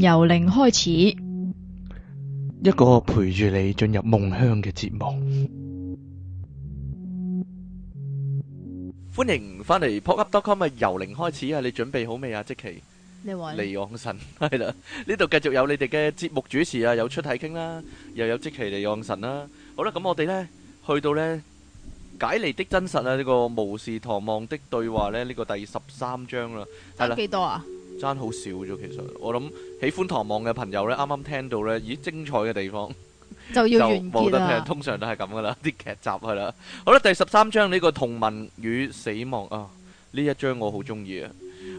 由零開始，一個陪住你進入夢鄉嘅節目。歡迎翻嚟 pocket.com 啊！由零開始啊，你準備好未啊？即其，李偉，李昂臣，係啦。呢度繼續有你哋嘅節目主持啊，有出體傾啦，又有即其李昂臣啦。好啦，咁我哋咧去到咧解離的真實啊，呢個巫士唐望的對話咧，呢個第十三章啦。得幾多啊？爭好少啫，其實我諗喜歡唐望嘅朋友呢，啱啱聽到呢，咦精彩嘅地方就要完結啦。 通常都係咁噶啦，啲劇集係啦。好啦，第十三章呢，這個《同盟與死亡》啊，哦，呢一章我好中意啊。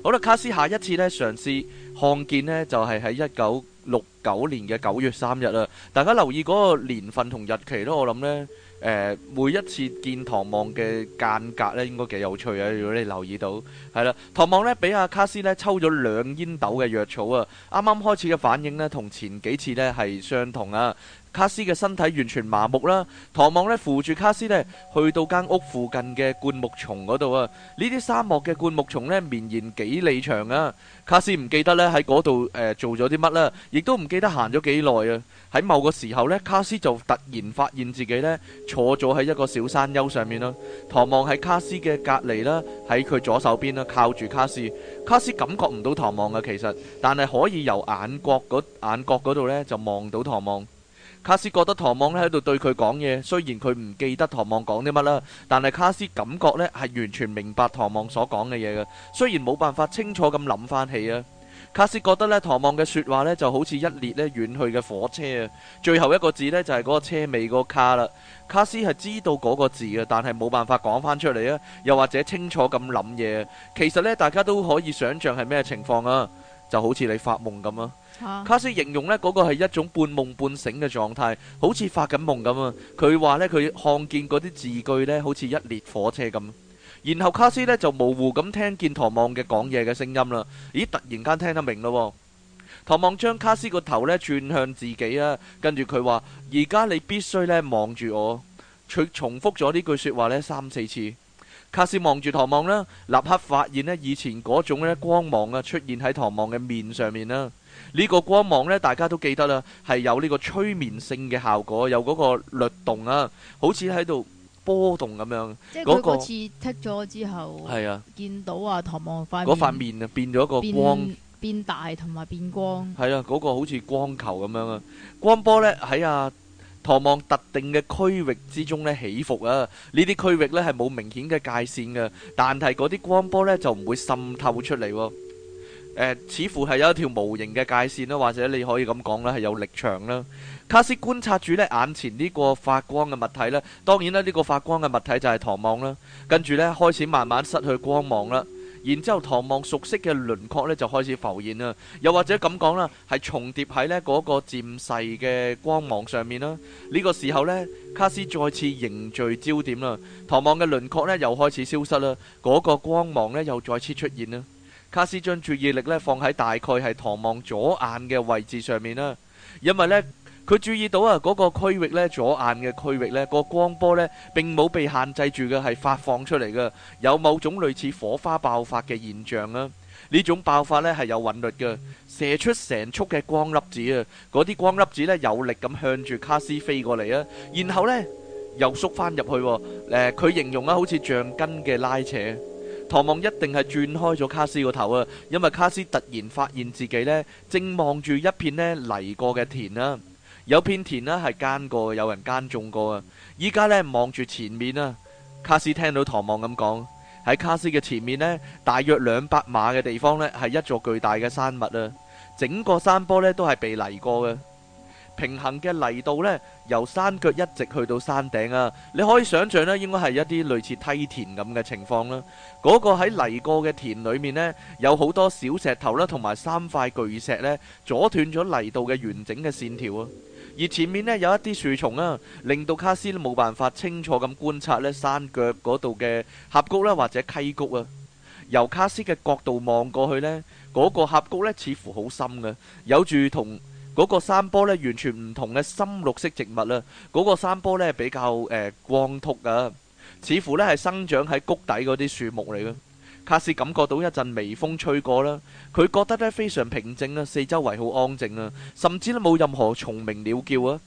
好啦，卡斯下一次呢，嘗試看見呢，就係喺一九六九年嘅九月三日啊。大家留意嗰個年份同日期咯，我諗呢。每一次見唐望嘅間隔咧，應該幾有趣啊！如果你留意到，係啦，唐望咧俾阿卡斯咧抽咗兩煙斗嘅藥草啊，啱啱開始嘅反應咧，同前幾次咧係相同啊。卡斯嘅身體完全麻木啦。唐望咧扶住卡斯咧，去到間屋附近嘅灌木叢嗰度啊。呢啲沙漠嘅灌木叢咧，綿延幾里長啊。卡斯唔記得咧喺嗰度誒做咗啲乜啦，亦都唔記得行咗幾耐啊。喺某個時候咧，卡斯就突然發現自己咧坐咗喺一個小山丘上面啦。唐望喺卡斯嘅隔籬啦，喺佢左手邊啦，靠住卡斯。卡斯感覺唔到唐望嘅其實，但係可以由眼角嗰眼角度咧就望到唐望。卡斯覺得唐望喺度對佢講嘢，雖然佢唔記得唐望講啲乜啦，但係卡斯感覺呢係完全明白唐望所講嘅嘢嘅。雖然冇辦法清楚咁諗翻起啊，卡斯覺得呢唐望嘅説話呢就好似一列呢遠去嘅火車啊，最後一個字呢就係嗰個車尾嗰個卡啦。卡斯係知道嗰個字啊，但係冇辦法講翻出嚟啊，又或者清楚咁諗嘢。其實呢，大家都可以想像係咩情況啊，就好似你發夢咁啊。卡斯形容呢嗰個係一種半夢半醒嘅狀態，好似發緊夢咁啊。佢話呢，佢看見嗰啲字句呢好似一列火車咁。然後卡斯呢就模糊咁聽見唐望嘅講嘢嘅聲音啦。咦，突然間聽得明咯喎。唐望將卡斯個頭呢轉向自己啊，跟住佢話：而家你必須咧望住我。佢重複咗呢句說話呢三四次。卡斯望住唐望呢，立刻發現呢以前嗰種呢光芒啊出現喺唐望嘅面上面啦。呢個光網咧，大家都記得啦，係有呢個催眠性嘅效果，有嗰個律動啊，好似喺度波動咁樣。即係佢嗰次剔咗之後，係啊，見到啊，唐望塊，嗰塊面啊，變咗個光變大同埋變光。係啊，嗰個好似光球咁樣啊。光波咧喺啊唐望特定嘅區域之中咧起伏啊。呢啲區域咧係冇明顯嘅界線嘅，但係嗰啲光波咧就唔會滲透出嚟喎、啊。呃、似乎係有一條無形嘅界線啦，或者你可以咁講啦，係有力場啦。卡斯觀察住呢眼前呢個發光嘅物體啦，當然啦，呢個發光嘅物體就係唐望啦。跟住呢，開始慢慢失去光芒啦，然之後唐望熟悉嘅輪廓呢就開始浮現啦，又或者咁講啦，係重疊喺呢嗰個漸細嘅光芒上面啦。呢、呢個時候呢，卡斯再次凝聚焦、焦點啦，唐望嘅輪廓呢又開始消失啦，嗰、嗰個光芒呢又再次出現啦。卡斯將注意力咧放喺大概係唐望左眼嘅位置上面啦，因為咧佢注意到啊嗰個區域咧左眼嘅區域咧個光波咧並冇被限制住嘅係發放出嚟嘅，有某種類似火花爆發嘅現象啊！呢種爆發咧係有韻律嘅，射出成束嘅光粒子啊！嗰啲光粒子咧有力咁向住卡斯飛過嚟啊，然後咧又縮翻入去。誒、呃，佢形容啊好似橡筋嘅拉扯。唐望一定係轉開咗卡斯個頭啊，因為卡斯突然發現自己呢，正望住一片呢犁過嘅田啊。有片田呢係耕過，有人耕種過啊。依家呢，望住前面啊，卡斯聽到唐望咁講，喺卡斯嘅前面呢，大約兩百碼嘅地方呢，係一座巨大嘅山脈啊。整個山坡呢，都係被犁過嘅。平衡嘅泥道呢，由山腳一直去到山頂啊！你可以想象咧，應該係一啲類似梯田咁嘅情況啦。嗰個喺泥過嘅田裏面呢，有好多小石頭啦，同埋三塊巨石呢，阻斷咗泥道嘅完整嘅線條啊！而前面呢，有一啲樹叢啊，令到卡斯都冇辦法清楚咁觀察呢山腳嗰度嘅峽谷啦，或者溪谷啊。由卡斯嘅角度望過去呢，嗰個峽谷呢，似乎好深嘅，有住同。嗰個山坡呢，完全唔同嘅深綠色植物啦。嗰、那個山坡呢，比較誒、呃、光禿㗎，似乎呢係生長喺谷底嗰啲樹木嚟嘅。卡斯感覺到一陣微風吹過啦，佢覺得呢非常平靜啦，四周圍好安靜啦，甚至咧冇任何蟲鳴鳥叫啊。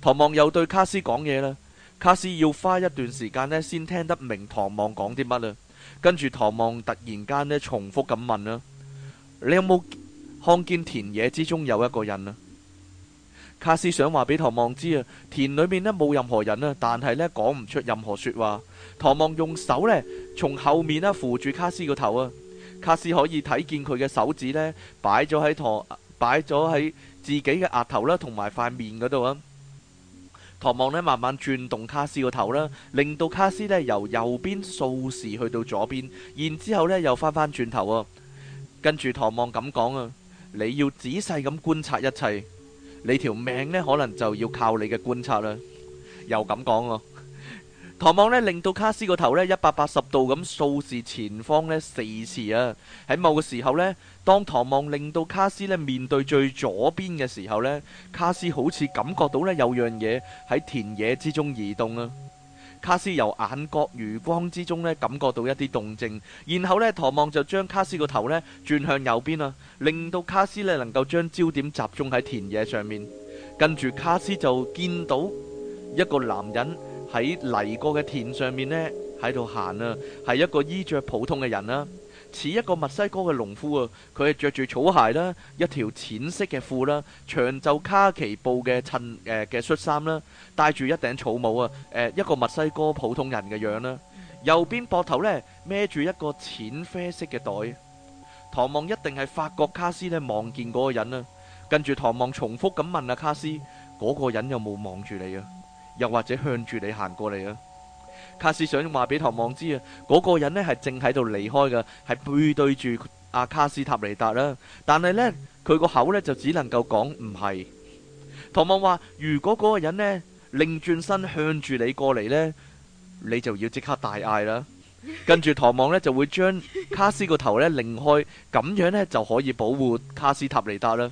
唐望又對卡斯講嘢啦，卡斯要花一段時間咧先聽得明唐望講啲乜啦。跟住唐望突然間呢，重複咁問啦：你有冇？看見田野之中有一個人啊，卡斯想話俾唐望知啊，田裏面呢冇任何人啊，但係呢講唔出任何說話。唐望用手呢從後面呢扶住卡斯個頭啊，卡斯可以睇見佢嘅手指呢擺咗喺唐擺咗喺自己嘅額頭啦，同埋塊面嗰度啊。唐望呢慢慢轉動卡斯個頭啦，令到卡斯呢由右邊掃視去到左邊，然之後呢又翻翻轉頭啊，跟住唐望咁講啊。你要仔細咁觀察一切，你條命呢可能就要靠你嘅觀察啦。又咁講哦，唐望呢令到卡斯個頭呢一百八十度咁掃視前方呢四次啊。喺某個時候呢，當唐望令到卡斯呢面對最左邊嘅時候呢，卡斯好似感覺到呢有樣嘢喺田野之中移動啊。卡斯由眼角餘光之中呢感覺到一啲動靜，然後呢，唐望就將卡斯個頭呢轉向右邊啦、啊，令到卡斯呢能夠將焦點集中喺田野上面。跟住卡斯就見到一個男人喺犁過嘅田上面呢，喺度行啦、啊，係一個衣着普通嘅人啦、啊。似一個墨西哥嘅農夫啊，佢係着住草鞋啦，一條淺色嘅褲啦，長袖卡其布嘅襯誒嘅恤衫啦，戴住一頂草帽啊，誒、呃、一個墨西哥普通人嘅樣啦。右邊膊頭呢，孭住一個淺啡色嘅袋。唐望一定係發覺卡斯呢望見嗰個人啊。跟住唐望重複咁問啊卡斯：嗰、那個人有冇望住你啊？又或者向住你行過嚟啊？卡斯想話俾唐望知啊，嗰個人呢係正喺度離開㗎，係背對住阿卡斯塔尼達啦。但係呢，佢個口呢就只能夠講唔係。唐望話：如果嗰個人呢擰轉身向住你過嚟呢，你就要即刻大嗌啦。跟住唐望呢就會將卡斯個頭呢擰開，咁樣呢就可以保護卡斯塔尼達啦。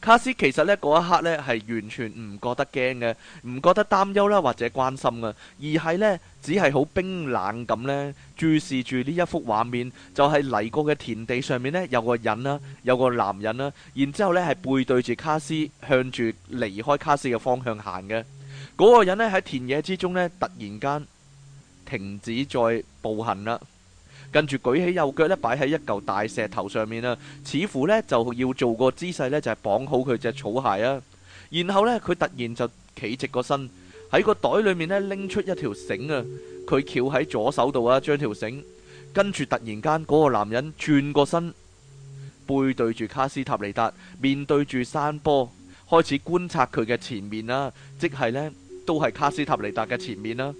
卡斯其實呢嗰一刻呢，係完全唔覺得驚嘅，唔覺得擔憂啦或者關心嘅，而係呢，只係好冰冷咁呢，注視住呢一幅畫面，就係嚟過嘅田地上面呢，有個人啦，有個男人啦，然之後呢，係背對住卡斯向住離開卡斯嘅方向行嘅，嗰、那個人呢，喺田野之中呢，突然間停止再步行啦。跟住舉起右腳咧，擺喺一嚿大石頭上面啦，似乎呢，就要做個姿勢呢就係、是、綁好佢隻草鞋啊。然後呢，佢突然就企直個身，喺個袋裏面呢拎出一條繩啊，佢攪喺左手度啊，將條繩，跟住突然間嗰、那個男人轉個身，背對住卡斯塔尼達，面對住山坡，開始觀察佢嘅前面啦、啊，即係呢，都係卡斯塔尼達嘅前面啦、啊。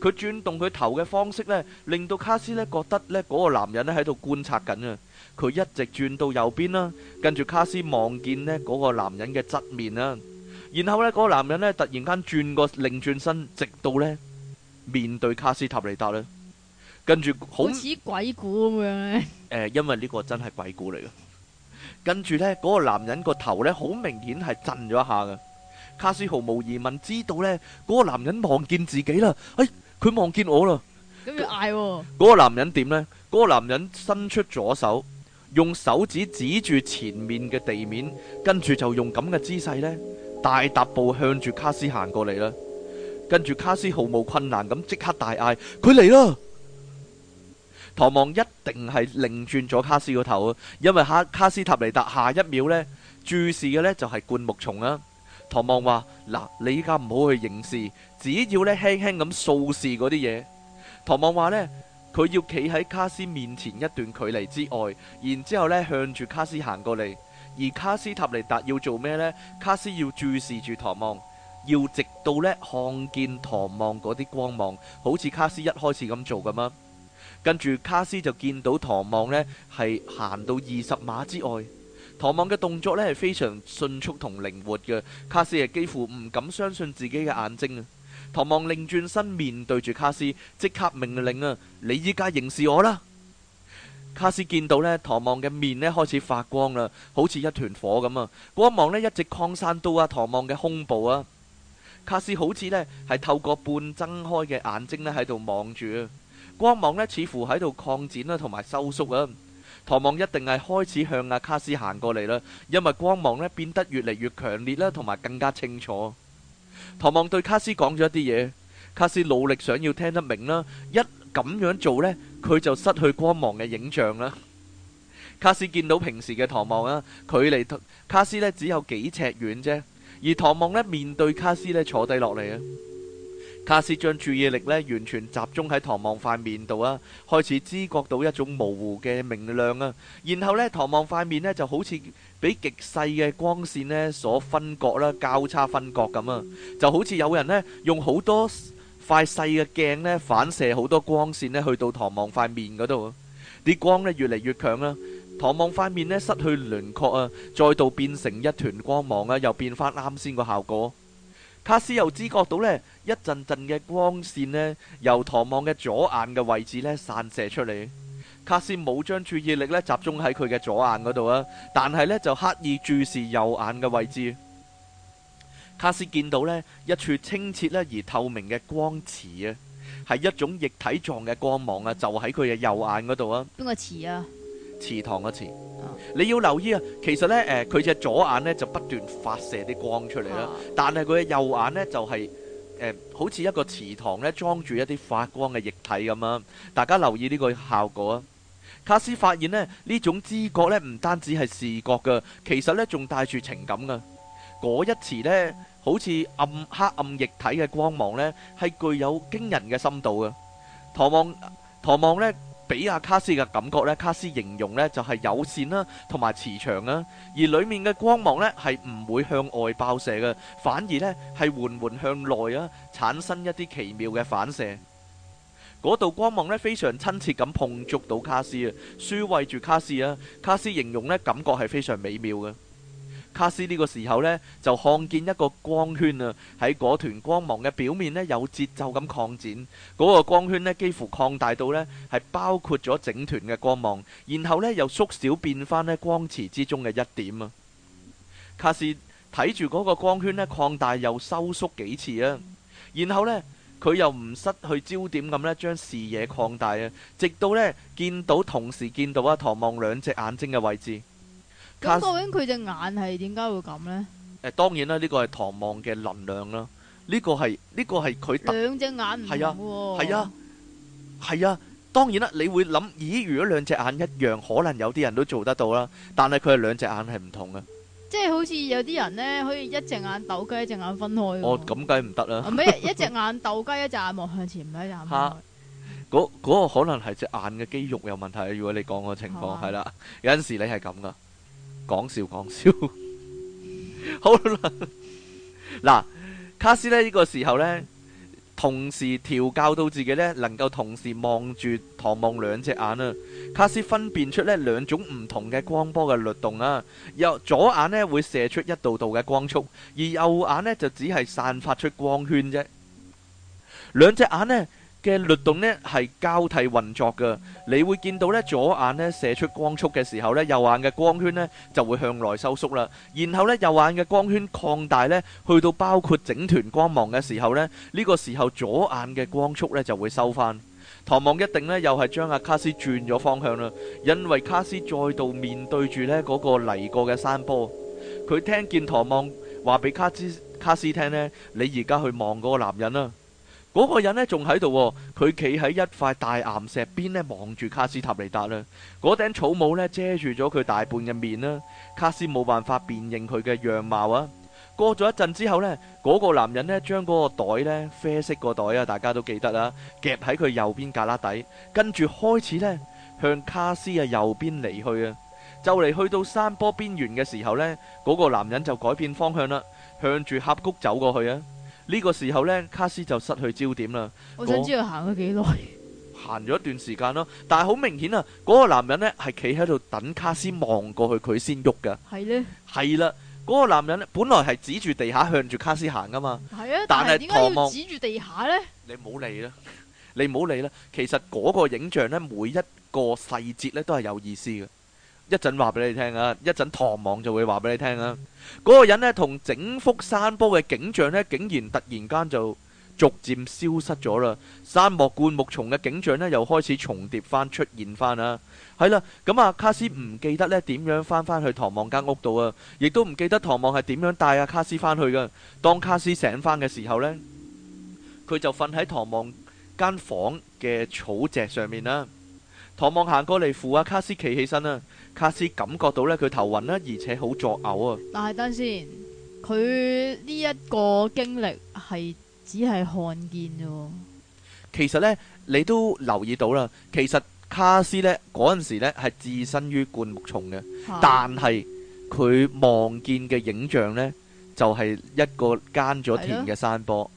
佢轉動佢頭嘅方式呢，令到卡斯咧覺得呢嗰、那個男人咧喺度觀察緊啊！佢一直轉到右邊啦，跟住卡斯望見呢嗰、那個男人嘅側面啦，然後呢，嗰、那個男人咧突然間轉過另轉身，直到呢面對卡斯塔利達咧，跟住好似鬼故咁樣咧 、呃。因為呢個真係鬼故嚟嘅。跟住呢，嗰、那個男人個頭呢，好明顯係震咗一下嘅。卡斯毫無疑問知道呢嗰、那個男人望見自己啦，哎佢望見我啦，咁要嗌喎。嗰個男人點呢？嗰、那個男人伸出左手，用手指指住前面嘅地面，跟住就用咁嘅姿勢呢，大踏步向住卡斯行過嚟啦。跟住卡斯毫無困難咁即刻大嗌：佢嚟啦！唐望一定係擰轉咗卡斯個頭啊，因為哈卡斯塔尼達下一秒呢，注視嘅呢就係、是、灌木叢啦、啊。唐望話：嗱，你依家唔好去凝視，只要呢輕輕咁掃視嗰啲嘢。唐望話呢，佢要企喺卡斯面前一段距離之外，然之後呢向住卡斯行過嚟。而卡斯塔尼達要做咩呢？卡斯要注視住唐望，要直到呢看見唐望嗰啲光芒，好似卡斯一開始咁做咁樣。跟住卡斯就見到唐望呢係行到二十碼之外。唐望嘅動作呢係非常迅速同靈活嘅，卡斯係幾乎唔敢相信自己嘅眼睛啊！唐望擰轉身面對住卡斯，即刻命令啊：你依家凝視我啦！卡斯見到呢唐望嘅面呢開始發光啦，好似一團火咁啊！光芒呢一直擴散到啊唐望嘅胸部啊！卡斯好似呢係透過半睜開嘅眼睛呢喺度望住啊，光芒呢似乎喺度擴展啦同埋收縮啊！唐望一定係開始向阿卡斯行過嚟啦，因為光芒呢變得越嚟越強烈啦，同埋更加清楚。唐望對卡斯講咗一啲嘢，卡斯努力想要聽得明啦。一咁樣做呢，佢就失去光芒嘅影像啦。卡斯見到平時嘅唐望啊，距離卡斯呢只有幾尺遠啫，而唐望呢面對卡斯呢坐低落嚟啊。卡斯將注意力呢完全集中喺唐望塊面度啊，開始知覺到一種模糊嘅明亮啊。然後呢，唐望塊面呢就好似俾極細嘅光線呢所分割啦，交叉分割咁啊，就好似有人呢用好多塊細嘅鏡呢反射好多光線呢去到唐望塊面嗰度，啲光呢越嚟越強啦。唐望塊面呢失去輪廓啊，再度變成一團光芒啊，又變翻啱先個效果。卡斯又知覺到呢。一陣陣嘅光線咧，由唐望嘅左眼嘅位置咧散射出嚟。卡斯冇將注意力咧集中喺佢嘅左眼嗰度啊，但係呢就刻意注視右眼嘅位置。卡斯見到呢一處清澈咧而透明嘅光池啊，係一種液體狀嘅光芒啊，就喺佢嘅右眼嗰度啊。邊個池啊？池塘嘅池。你要留意啊，其實呢，誒、呃，佢隻左眼呢就不斷發射啲光出嚟啦，啊、但係佢嘅右眼呢就係、是。呃、好似一個池塘咧，裝住一啲發光嘅液體咁啊！大家留意呢個效果啊！卡斯發現咧，呢種知覺呢，唔單止係視覺㗎，其實呢仲帶住情感㗎。嗰一池呢，好似暗黑暗液體嘅光芒呢，係具有驚人嘅深度啊！唐望唐望呢～俾阿卡斯嘅感覺呢，卡斯形容呢就係友善啦，同埋慈祥啊。而裡面嘅光芒呢，係唔會向外爆射嘅，反而呢係緩緩向內啊，產生一啲奇妙嘅反射。嗰道光芒呢，非常親切咁碰觸到卡斯啊，舒慰住卡斯啊。卡斯形容呢，感覺係非常美妙嘅。卡斯呢個時候呢，就看見一個光圈啊！喺嗰團光芒嘅表面呢，有節奏咁擴展。嗰個光圈呢，幾乎擴大到呢，係包括咗整團嘅光芒，然後呢，又縮小變翻呢光池之中嘅一點啊！卡斯睇住嗰個光圈呢，擴大又收縮幾次啊！然後呢，佢又唔失去焦點咁呢，將視野擴大啊，直到呢，見到同時見到啊，唐望兩隻眼睛嘅位置。咁究竟佢隻眼係點解會咁咧？誒，當然啦，呢個係唐望嘅能量啦。呢個係呢個係佢兩隻眼唔同。係啊，係啊，係啊。當然啦，你會諗，咦？如果兩隻眼一樣，可能有啲人都做得到啦。但係佢係兩隻眼係唔同嘅。即係好似有啲人咧，可以一隻眼鬥雞，一隻眼分開。我咁計唔得啦。唔係一隻眼鬥雞，一隻眼望向前，唔係一隻眼開。嗰嗰個可能係隻眼嘅肌肉有問題。如果你講個情況係啦，有陣時你係咁噶。講笑講笑，好啦，嗱，卡斯咧呢個時候咧，同時調教到自己咧，能夠同時望住唐望兩隻眼啊！卡斯分辨出咧兩種唔同嘅光波嘅律動啊，由左眼咧會射出一道道嘅光束，而右眼咧就只係散發出光圈啫，兩隻眼咧，嘅律動咧係交替運作噶，你會見到咧，左眼咧射出光束嘅時候咧，右眼嘅光圈咧就會向內收縮啦。然後咧，右眼嘅光圈擴大咧，去到包括整團光芒嘅時候咧，呢個時候左眼嘅光束咧就會收翻。唐望一定咧又係將阿卡斯轉咗方向啦，因為卡斯再度面對住咧嗰個嚟過嘅山坡。佢聽見唐望話俾卡斯卡斯聽咧，你而家去望嗰個男人啦。嗰個人呢仲喺度，佢企喺一塊大岩石邊呢，望住卡斯塔尼達啦。嗰頂草帽呢遮住咗佢大半嘅面啦，卡斯冇辦法辨認佢嘅樣貌啊。過咗一陣之後呢，嗰個男人呢將嗰個袋呢，啡色個袋啊，大家都記得啦，夾喺佢右邊胳肋底，跟住開始呢，向卡斯啊右邊離去啊。就嚟去到山坡邊緣嘅時候呢，嗰個男人就改變方向啦，向住峽谷走過去啊。呢個時候呢，卡斯就失去焦點啦。我、那個、想知佢 行咗幾耐？行咗一段時間咯，但係好明顯啊！嗰個男人呢係企喺度等卡斯望過去，佢先喐噶。係呢？係啦，嗰個男人呢，呢、那個男人本來係指住地下向住卡斯行噶嘛。係啊，但係點解要指住地下呢？你唔好理啦，你唔好理啦。其實嗰個影像呢，每一個細節呢都係有意思嘅。一陣話俾你聽啊！一陣唐望就會話俾你聽啊！嗰、那個人呢，同整幅山坡嘅景象呢，竟然突然間就逐漸消失咗啦。沙漠灌木叢嘅景象呢，又開始重疊翻出現翻啦。係啦，咁啊，卡斯唔記得呢點樣返返去唐望間屋度啊，亦都唔記得唐望係點樣帶阿、啊、卡斯返去噶。當卡斯醒返嘅時候呢，佢就瞓喺唐望間房嘅草席上面啦。唐望行過嚟扶阿、啊、卡斯企起身啊。卡斯感覺到咧佢頭暈啦，而且好作嘔啊！但係等先，佢呢一個經歷係只係看見咋？其實呢，你都留意到啦。其實卡斯呢，嗰陣時呢，係置身於灌木叢嘅，的但係佢望見嘅影像呢，就係、是、一個耕咗田嘅山坡。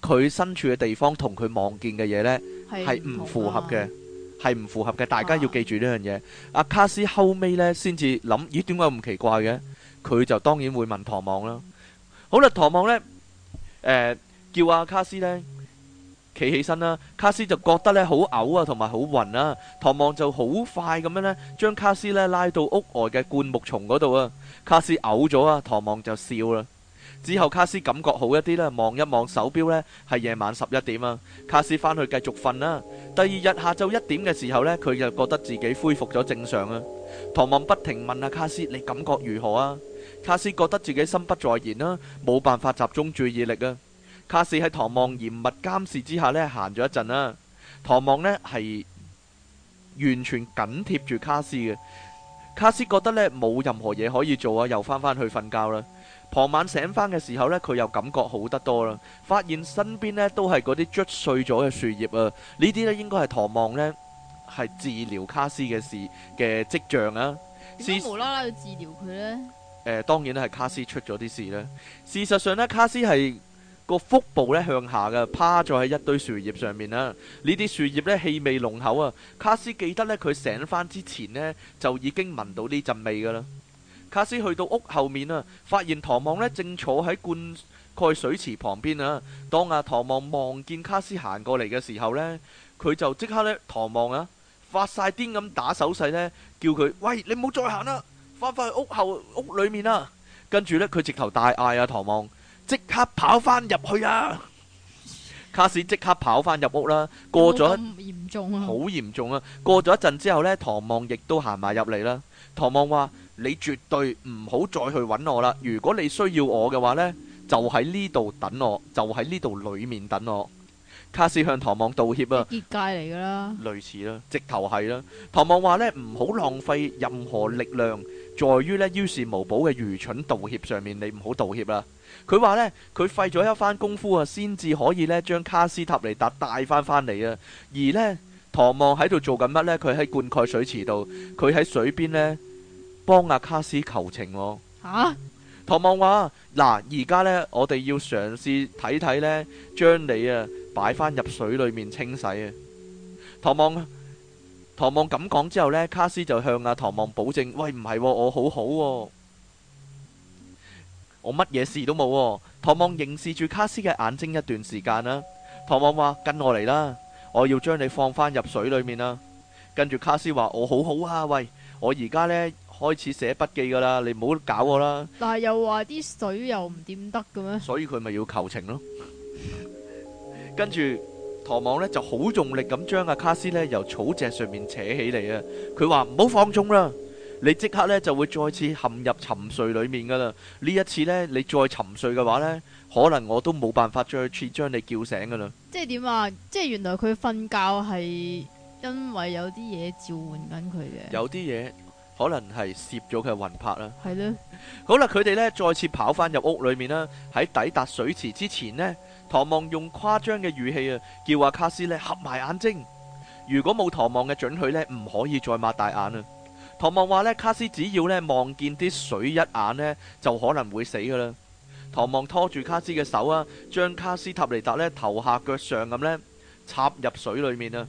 佢的身處嘅地方同佢望見嘅嘢呢，係唔符合嘅。係唔符合嘅，大家要記住呢樣嘢。阿、啊、卡斯後尾呢先至諗，咦，點解咁奇怪嘅？佢就當然會問唐望啦。好啦，唐望呢，誒、呃，叫阿、啊、卡斯呢，企起身啦、啊。卡斯就覺得呢好嘔啊，同埋好暈啦、啊。唐望就好快咁樣呢，將卡斯呢拉到屋外嘅灌木叢嗰度啊。卡斯嘔咗啊，唐望就笑啦。之後卡斯感覺好一啲啦，望一望手錶呢，係夜晚十一點啊。卡斯返去繼續瞓啦。第二日下晝一點嘅時候呢，佢就覺得自己恢復咗正常啊。唐望不停問啊，卡斯你感覺如何啊？卡斯覺得自己心不在焉啦，冇辦法集中注意力啊。卡斯喺唐望嚴密監視之下呢，行咗一陣啦。唐望呢，係完全緊貼住卡斯嘅。卡斯覺得呢，冇任何嘢可以做啊，又返返去瞓覺啦。傍晚醒翻嘅時候呢，佢又感覺好得多啦。發現身邊呢，都係嗰啲捽碎咗嘅樹葉啊，呢啲咧應該係唐望呢係治療卡斯嘅事嘅跡象啊。點解無啦啦要治療佢呢？誒，當然咧係卡斯出咗啲事咧。事實上呢，卡斯係個腹部呢向下嘅，趴咗喺一堆樹葉上面啦，啊。呢啲樹葉呢，氣味濃厚啊，卡斯記得呢，佢醒翻之前呢，就已經聞到呢陣味㗎啦。卡斯去到屋後面啊，發現唐望咧，正坐喺灌溉水池旁邊啊。當阿唐望望見卡斯行過嚟嘅時候呢，佢就即刻咧，唐望啊發晒癲咁打手勢呢，叫佢喂，你唔好再行啦、啊，翻返去屋後屋裏面啦、啊。跟住呢，佢直頭大嗌啊，唐望即刻跑翻 入去啊！卡斯即刻跑翻入屋啦，過咗好嚴重啊，過咗一陣之後呢，唐望亦都行埋入嚟啦。唐望話。你絕對唔好再去揾我啦。如果你需要我嘅話呢，就喺呢度等我，就喺呢度裏面等我。卡斯向唐望道歉啊，業界嚟㗎啦，類似啦、啊，直頭係啦。唐望話呢，唔好浪費任何力量，在於呢於事無補嘅愚蠢道歉上面，你唔好道歉啦、啊。佢話呢，佢費咗一番功夫啊，先至可以呢將卡斯塔尼達帶翻返嚟啊。而呢，唐望喺度做緊乜呢？佢喺灌溉水池度，佢喺水邊呢。幫阿、啊、卡斯求情我、哦、吓，唐望話嗱，而、啊、家呢，我哋要嘗試睇睇呢，將你啊擺翻入水裏面清洗啊。唐望，唐望咁講之後呢，卡斯就向阿、啊、唐望保證：喂，唔係、哦、我好好、哦，我乜嘢事都冇、哦。唐望凝視住卡斯嘅眼睛一段時間啦、啊。唐望話：跟我嚟啦，我要將你放返入水裏面啦、啊。跟住卡斯話：我好好啊，喂，我而家呢……」開始寫筆記噶啦，你唔好搞我啦！但係又話啲水又唔掂得嘅咩？所以佢咪要求情咯。 跟住，唐望呢就好用力咁將阿卡斯呢由草席上面扯起嚟啊！佢話唔好放縱啦，你即刻呢就會再次陷入沉睡裡面噶啦。呢一次呢，你再沉睡嘅話呢，可能我都冇辦法再次將你叫醒噶啦。即係點啊？即係原來佢瞓覺係因為有啲嘢召喚緊佢嘅，有啲嘢。可能係攝咗佢魂魄啦，係咯。好啦，佢哋呢，再次跑翻入屋裏面啦。喺抵達水池之前呢，唐望用誇張嘅語氣啊，叫阿卡斯呢合埋眼睛。如果冇唐望嘅准許呢，唔可以再擘大眼啊。唐望話呢，卡斯只要呢望見啲水一眼呢，就可能會死噶啦。唐望拖住卡斯嘅手啊，將卡斯塔尼達呢頭下腳上咁呢插入水裏面啊。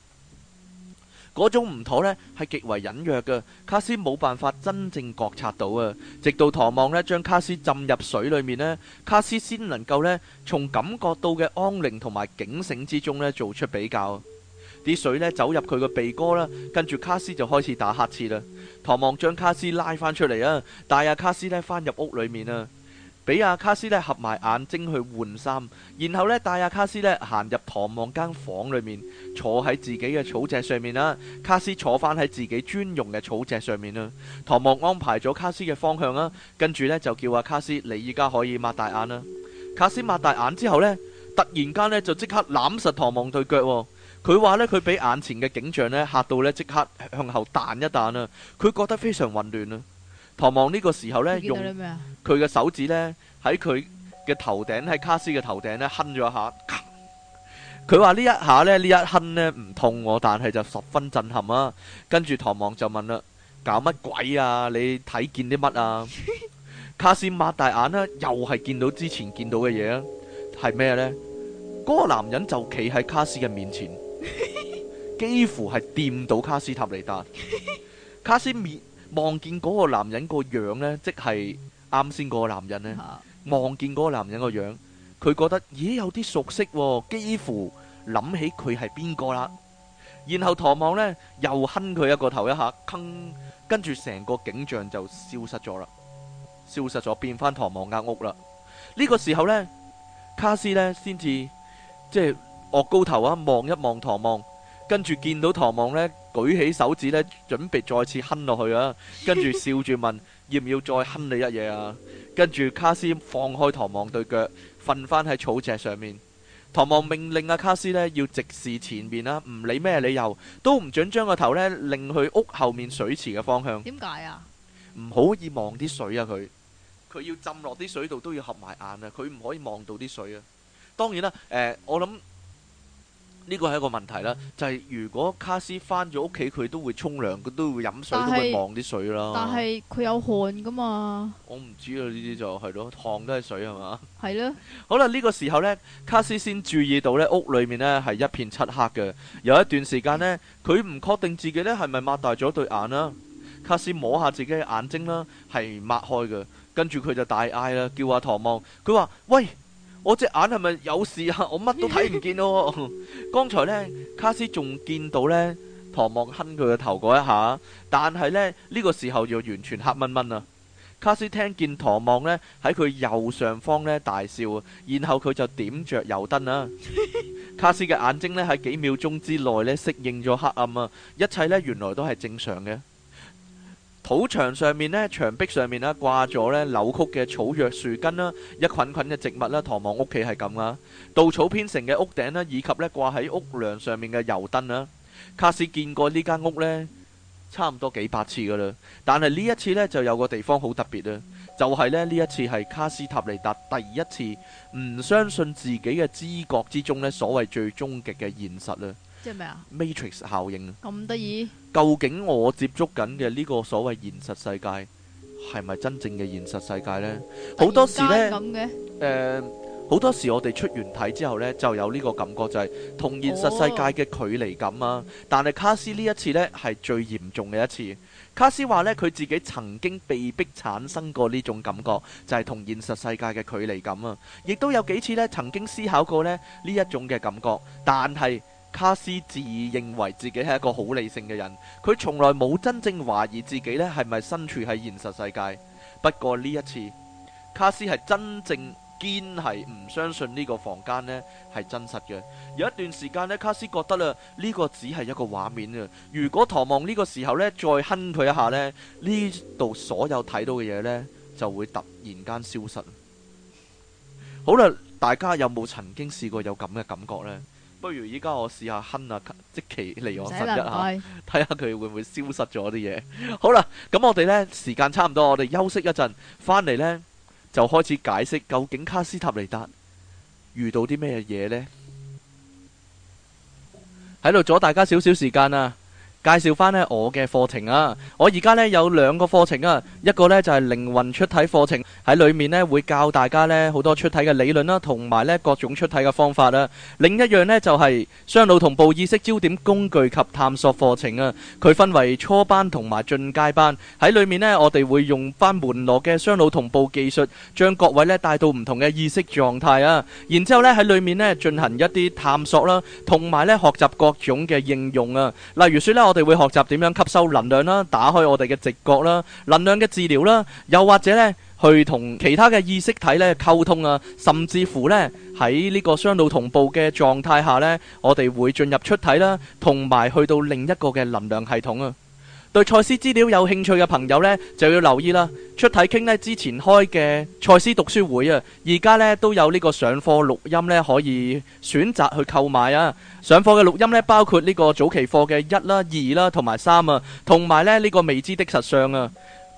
嗰種唔妥呢係極為隱約嘅，卡斯冇辦法真正覺察到啊！直到唐望呢將卡斯浸入水裏面呢，卡斯先能夠呢從感覺到嘅安寧同埋警醒之中呢做出比較。啲水呢走入佢個鼻哥啦，跟住卡斯就開始打乞嗤啦。唐望將卡斯拉返出嚟啊，帶阿卡斯呢返入屋裏面啊。俾阿卡斯咧合埋眼睛去換衫，然後咧帶阿卡斯咧行入唐望間房裏面，坐喺自己嘅草席上面啦。卡斯坐翻喺自己專用嘅草席上面啦。唐望安排咗卡斯嘅方向啦，跟住咧就叫阿卡斯，你依家可以擘大眼啦。卡斯擘大眼之後咧，突然間咧就即刻攬實唐望對腳，佢話咧佢俾眼前嘅景象咧吓到咧，即刻向後彈一彈啦，佢覺得非常混亂啦。唐望呢個時候呢，用佢嘅手指呢，喺佢嘅頭頂，喺卡斯嘅頭頂呢，哼咗下，佢話呢一下呢，呢一哼呢，唔痛、啊，我，但係就十分震撼啊！跟住唐望就問啦：搞乜鬼啊？你睇見啲乜啊？ 卡斯擘大眼呢、啊，又係見到之前見到嘅嘢啊！係咩呢？嗰、那個男人就企喺卡斯嘅面前， 幾乎係掂到卡斯塔利達，卡斯面。望見嗰個男人個樣呢，即係啱先嗰個男人呢。望見嗰個男人個樣，佢覺得咦有啲熟悉、啊，幾乎諗起佢係邊個啦。然後唐望呢，又哼佢一個頭一下，哼，跟住成個景象就消失咗啦，消失咗變翻唐望間屋啦。呢、呢個時候呢，卡斯呢先至即係岳高頭啊，望一望唐望。跟住見到唐望咧，舉起手指咧，準備再次哼落去啊！跟住笑住問：要唔要再哼你一嘢啊？跟住卡斯放開唐望對腳，瞓翻喺草席上面。唐望命令阿卡斯咧要直視前面啦，唔理咩理由都唔準將個頭咧擰去屋後面水池嘅方向。點解啊？唔可以望啲水啊！佢佢要浸落啲水度都要合埋眼啊！佢唔可以望到啲水啊！當然啦，誒我諗。呢個係一個問題啦，嗯、就係如果卡斯翻咗屋企，佢都會沖涼，佢都會飲水，是都會望啲水啦。但係佢有汗㗎嘛？我唔知啊，呢啲就係、是、咯，汗都係水係嘛？係咯。的好啦，呢、這個時候呢，卡斯先注意到呢屋裏面呢係一片漆黑嘅。有一段時間呢，佢唔確定自己呢係咪擘大咗對眼啦。卡斯摸下自己嘅眼睛啦，係擘開嘅。跟住佢就大嗌啦，叫阿、啊、唐望，佢話：喂！我隻眼係咪有事啊？我乜都睇唔見咯、啊。 剛才呢，卡斯仲見到呢唐望揦佢個頭嗰一下，但係呢，呢、呢個時候就完全黑濛濛啦。卡斯聽見唐望呢喺佢右上方呢大笑，然後佢就點着油燈啦、啊。 卡斯嘅眼睛呢喺幾秒鐘之內呢適應咗黑暗啊，一切呢原來都係正常嘅。草牆上面呢，牆壁上面掛，呢，掛咗呢扭曲嘅草藥樹根啦，一捆捆嘅植物啦，逃亡屋企係咁啦。稻草編成嘅屋頂啦，以及呢掛喺屋梁上面嘅油燈啦。卡斯見過呢間屋呢，差唔多幾百次噶啦，但係呢一次呢，就有個地方好特別啦，就係、是、咧呢一次係卡斯塔尼達第一次唔相信自己嘅知覺之中呢所謂最終極嘅現實啦。即係咩啊？Matrix 效應啊！咁得意，究竟我接觸緊嘅呢個所謂現實世界係咪真正嘅現實世界呢？好、嗯、多時咧，誒、嗯，好、呃、多時我哋出完體之後呢，就有呢個感覺，就係、是、同現實世界嘅距離感啊。哦、但係卡斯呢一次呢，係最嚴重嘅一次。卡斯話呢，佢自己曾經被逼產生過呢種感覺，就係、是、同現實世界嘅距離感啊。亦都有幾次呢曾經思考過呢，呢一種嘅感覺，但係。卡斯自以認為自己係一個好理性嘅人，佢從來冇真正懷疑自己咧係咪身處喺現實世界。不過呢一次，卡斯係真正堅係唔相信呢個房間咧係真實嘅。有一段時間咧，卡斯覺得啦呢個只係一個畫面啊！如果唐望呢個時候咧再哼佢一下咧，呢度所有睇到嘅嘢咧就會突然間消失。好啦，大家有冇曾經試過有咁嘅感覺呢？不如依家我試下哼啊！即其離我身一下，睇下佢會唔會消失咗啲嘢？ 好啦，咁我哋呢時間差唔多，我哋休息一陣，翻嚟呢，就開始解釋究竟卡斯塔尼達遇到啲咩嘢呢。喺度、嗯、阻大家少少時間啊，介紹翻呢我嘅課程啊，我而家呢有兩個課程啊，一個呢就係、是、靈魂出體課程。喺裏面咧會教大家咧好多出體嘅理論啦，同埋咧各種出體嘅方法啦。另一樣咧就係雙腦同步意識焦點工具及探索課程啊。佢分為初班同埋進階班。喺裏面咧，我哋會用翻門羅嘅雙腦同步技術，將各位咧帶到唔同嘅意識狀態啊。然之後咧喺裏面咧進行一啲探索啦，同埋咧學習各種嘅應用啊。例如說咧，我哋會學習點樣吸收能量啦，打開我哋嘅直覺啦，能量嘅治療啦，又或者咧。去同其他嘅意識體咧溝通啊，甚至乎呢，喺呢個雙腦同步嘅狀態下呢，我哋會進入出體啦，同埋去到另一個嘅能量系統啊。對賽斯資料有興趣嘅朋友呢，就要留意啦。出體傾呢之前開嘅賽斯讀書會啊，而家呢都有呢個上課錄音呢，可以選擇去購買啊。上課嘅錄音呢，包括呢個早期課嘅一啦、二啦同埋三啊，同埋呢呢個未知的實相啊。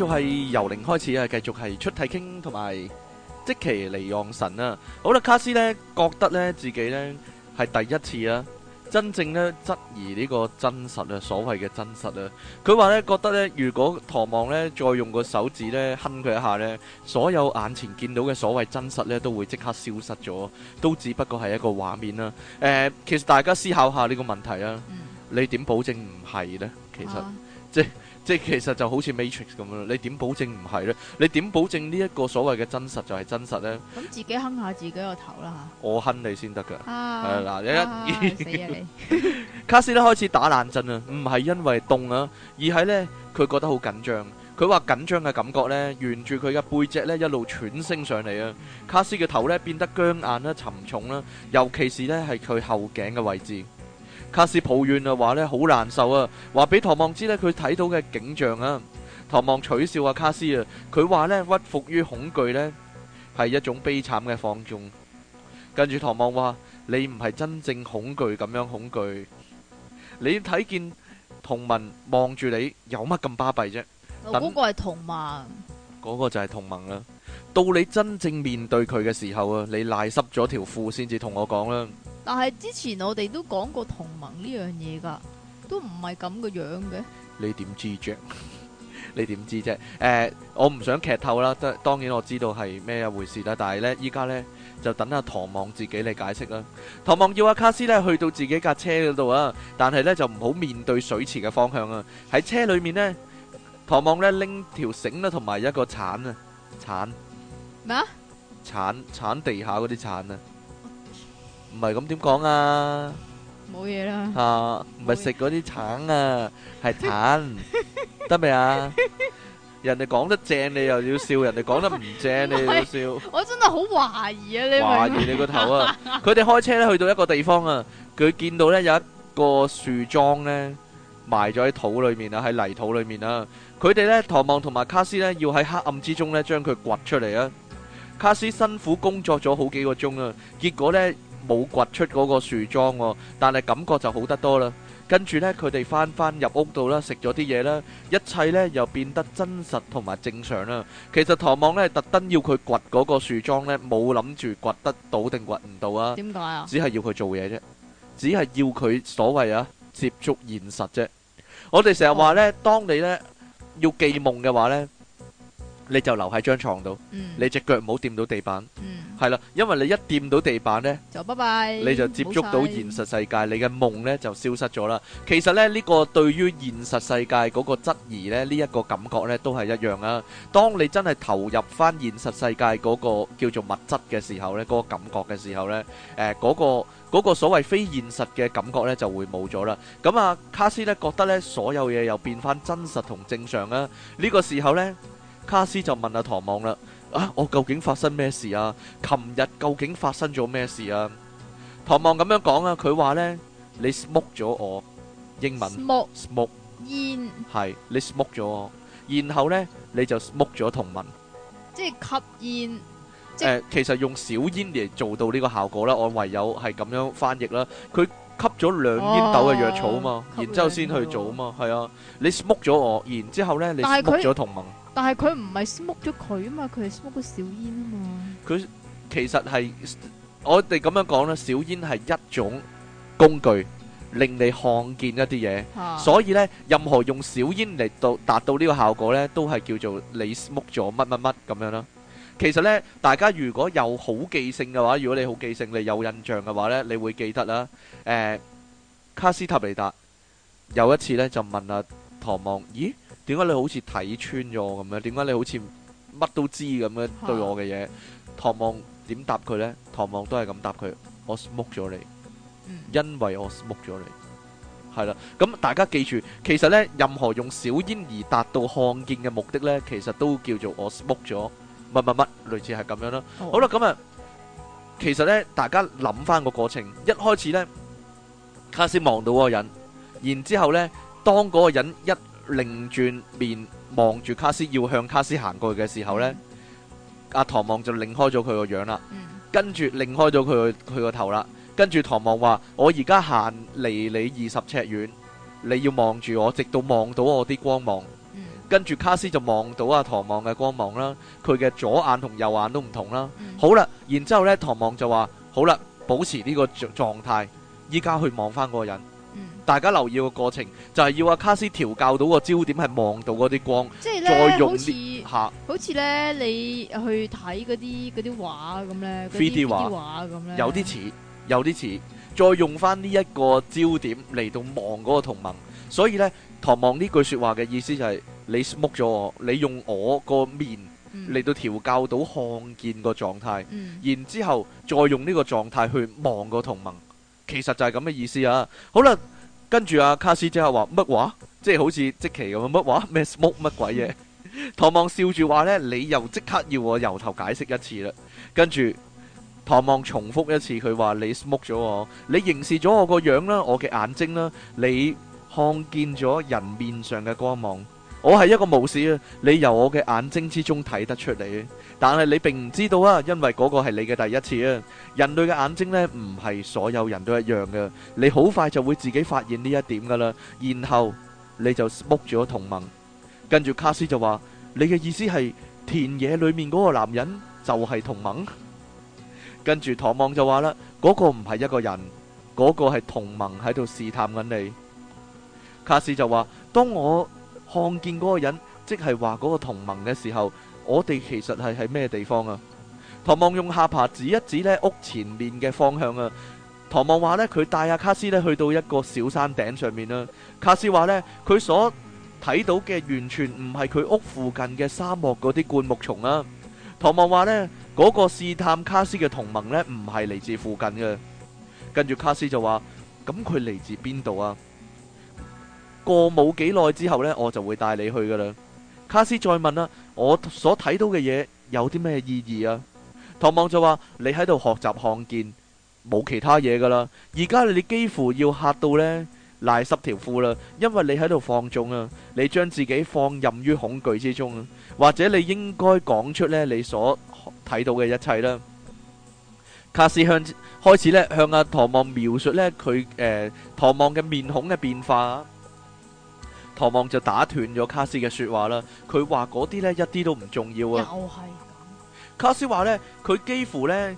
就係由零開始繼啊，繼續係出體傾同埋即其離讓神啦。好啦，卡斯呢覺得呢自己呢係第一次啊，真正呢質疑呢個真實，真實啊，所謂嘅真實啊。佢話呢覺得呢，如果唐望呢再用個手指呢，哼佢一下呢，所有眼前見到嘅所謂真實呢，都會即刻消失咗，都只不過係一個畫面啦，啊。誒、呃，其實大家思考下呢個問題啊，嗯、你點保證唔係呢？其實、啊、即。即係其實就好似 Matrix 咁樣，你點保證唔係呢？你點保證呢一個所謂嘅真實就係真實呢？咁自己哼下自己個頭啦。我哼你先得噶，係啦，一、啊、 卡斯都開始打冷震啊，唔係因為凍啊，而係呢，佢覺得好緊張。佢話緊張嘅感覺呢，沿住佢嘅背脊呢一路喘升上嚟啊！嗯、卡斯嘅頭呢變得僵硬啦、沉重啦，尤其是呢係佢後頸嘅位置。卡斯抱怨啊，話呢好難受啊，話俾唐望知呢，佢睇到嘅景象啊。唐望取笑阿、啊、卡斯啊，佢話呢，屈服於恐懼呢，係一種悲慘嘅放縱。跟住唐望話：你唔係真正恐懼咁樣恐懼，你睇見同盟望住你，有乜咁巴閉啫？嗰個係同盟，嗰、嗰個就係同盟啦。到你真正面對佢嘅時候啊，你瀨濕咗條褲先至同我講啦、啊。但係之前我哋都講過同盟呢樣嘢噶，都唔係咁嘅樣嘅。你點知啫？ 你點知啫？誒、呃，我唔想劇透啦。當然我知道係咩一回事啦。但係呢，依家呢，就等阿唐望自己嚟解釋啦。唐望要阿卡斯咧去到自己架車嗰度啊，但係呢，就唔好面對水池嘅方向啊。喺車裏面呢，唐望呢拎條繩啦，同埋一個鏟啊，鏟。咩麼？鏟鏟地下嗰啲鏟啊！唔係咁點講啊？冇嘢啦。啊，唔係食嗰啲橙啊，係橙得未啊？人哋講得正，你又要笑；人哋講得唔正，你又要笑。我真係好懷疑啊！你懷疑你個頭啊！佢哋開車咧去到一個地方啊，佢見到咧有一個樹樁咧埋咗喺土裏面啦，喺泥土裏面啦。佢哋咧，唐望同埋卡斯咧要喺黑暗之中咧將佢掘出嚟啊！卡斯辛苦工作咗好幾個鐘啦，結果咧。冇掘出嗰個樹樁喎，但係感覺就好得多啦。跟住呢，佢哋返返入屋度啦，食咗啲嘢啦，一切呢又變得真實同埋正常啦。其實唐望呢，特登要佢掘嗰個樹樁呢，冇諗住掘得到定掘唔到啊。點解啊？只係要佢做嘢啫，只係要佢所謂啊，接觸現實啫。我哋成日話呢，當你呢要記夢嘅話呢。你就留喺張床度，嗯、你隻腳唔好掂到地板，係啦、嗯，因為你一掂到地板呢，就拜拜，你就接觸到現實世界，了你嘅夢呢就消失咗啦。其實咧，呢個對於現實世界嗰個質疑呢，呢一個感覺呢都係一樣啊。當你真係投入翻現實世界嗰個叫做物質嘅時候呢，嗰、嗰個感覺嘅時候呢，誒、嗰、嗰、個嗰個所謂非現實嘅感覺呢就會冇咗啦。咁啊，卡斯呢覺得呢，所有嘢又變翻真實同正常啊。呢、嗰個時候呢。卡斯就問阿唐望啦，啊，我究竟發生咩事啊？琴日究竟發生咗咩事啊？唐望咁樣講啊，佢話呢，你 smoke 咗我，英文，smoke 煙，係你 smoke 咗我，然後呢，你就 smoke 咗同文，即係吸煙，誒、其實用小煙嚟做到呢個效果啦，我唯有係咁樣翻譯啦，佢。吸咗兩煙斗嘅藥草啊嘛，然之後先去做啊嘛，係啊，你 smoke 咗我，然之後咧你 smoke 咗同盟，但係佢唔係 smoke 咗佢啊嘛，佢係 smoke 咗小煙啊嘛，佢其實係我哋咁樣講啦，小煙係一種工具，令你看見一啲嘢，所以咧任何用小煙嚟到達到呢個效果咧，都係叫做你 smoke 咗乜乜乜咁樣啦。其實咧，大家如果有好記性嘅話，如果你好記性，你有印象嘅話呢，你會記得啦。誒、呃，卡斯塔尼達有一次呢，就問阿、啊、唐望：咦，點解你好似睇穿咗我咁樣？點解你好似乜都知咁嘅對我嘅嘢？唐哇望點答佢呢？唐望都係咁答佢：我 smoke 咗你，嗯、因為我 smoke 咗你係啦。咁大家記住，其實呢，任何用小煙而達到看見嘅目的呢，其實都叫做我 smoke 咗。乜乜乜類似係咁樣啦。哦、好啦，咁啊，其實呢，大家諗翻個過程，一開始呢，卡斯望到嗰個人，然之後呢，當嗰個人一擰轉面望住卡斯，要向卡斯行過去嘅時候呢，阿、嗯啊、唐望就擰開咗佢個樣啦，跟住擰開咗佢個佢個頭啦，跟住唐望話：我而家行離你二十尺遠，你要望住我，直到望到我啲光芒。跟住卡斯就望到阿唐望嘅光芒啦，佢嘅左眼同右眼都唔同啦。嗯、好啦，然之後呢，唐望就話：好啦，保持呢個狀態，依家去望翻嗰個人。嗯、大家留意個過程，就係、是、要阿、啊、卡斯調教到個焦點係望到嗰啲光，即係再用啲吓。好似呢，你去睇嗰啲嗰啲畫咁呢，3D 畫咁咧，有啲似，有啲似，再用翻呢一個焦點嚟到望嗰個同盟。所以呢，唐望呢句説話嘅意思就係、是。你 smoke 咗我，你用我個面嚟到調校到看見個狀態，嗯、然之後再用呢個狀態去望個同盟，其實就係咁嘅意思啊。好啦，跟住阿卡斯即刻話乜話，即係好似即其咁乜話咩 smoke 乜鬼嘢？唐 望笑住話呢，你又即刻要我由頭解釋一次啦。跟住唐望重複一次，佢話你 smoke 咗我，你凝視咗我個樣啦，我嘅眼睛啦，你看見咗人面上嘅光芒。我係一個巫士，啊，你由我嘅眼睛之中睇得出嚟，但係你並唔知道啊，因為嗰個係你嘅第一次啊。人類嘅眼睛呢，唔係所有人都一樣嘅，你好快就會自己發現呢一點噶啦。然後你就 smoke 咗同盟，跟住卡斯就話：你嘅意思係田野裏面嗰個男人就係同盟？跟住唐望就話啦：嗰、那個唔係一個人，嗰、那個係同盟喺度試探緊你。卡斯就話：當我。看見嗰個人，即係話嗰個同盟嘅時候，我哋其實係喺咩地方啊？唐望用下巴指一指呢屋前面嘅方向啊。唐望話呢，佢帶阿卡斯呢去到一個小山頂上面啦。卡斯話呢，佢所睇到嘅完全唔係佢屋附近嘅沙漠嗰啲灌木叢啊。唐望話呢，嗰個試探卡斯嘅同盟呢，唔係嚟自附近嘅。跟住卡斯就話：咁佢嚟自邊度啊？過冇幾耐之後呢，我就會帶你去噶啦。卡斯再問啦、啊，我所睇到嘅嘢有啲咩意義啊？唐望就話，你喺度學習看見，冇其他嘢噶啦。而家你幾乎要嚇到呢，賴濕條褲啦，因為你喺度放縱啊，你將自己放任於恐懼之中啊。或者你應該講出呢你所睇到嘅一切啦。卡斯向開始呢，向阿、啊、唐望描述呢，佢誒、呃、唐望嘅面孔嘅變化。唐望就打斷咗卡斯嘅說話啦。佢話嗰啲呢一啲都唔重要啊。又係卡斯話呢，佢幾乎呢，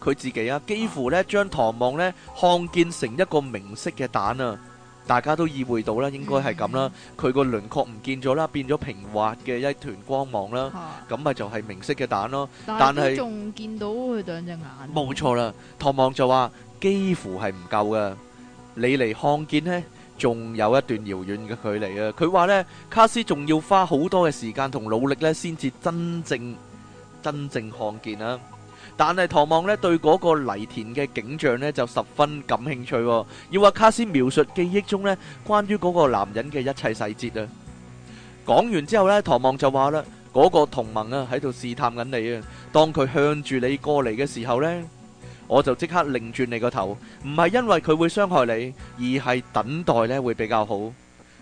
佢自己啊，幾乎呢將唐望呢看見成一個明色嘅蛋啊。大家都意會到啦，應該係咁啦。佢個輪廓唔見咗啦，變咗平滑嘅一團光芒啦。咁咪就係明色嘅蛋咯。但係仲見到佢兩隻眼。冇錯啦，唐望就話幾乎係唔夠㗎。你嚟看見呢？仲有一段遙遠嘅距離啊！佢話呢，卡斯仲要花好多嘅時間同努力呢，先至真正真正看見啊！但係唐望呢，對嗰個泥田嘅景象呢，就十分感興趣，要話卡斯描述記憶中呢，關於嗰個男人嘅一切細節啊！講完之後呢，唐望就話啦，嗰個同盟啊喺度試探緊你啊！當佢向住你過嚟嘅時候呢。我就即刻擰轉你個頭，唔係因為佢會傷害你，而係等待呢會比較好。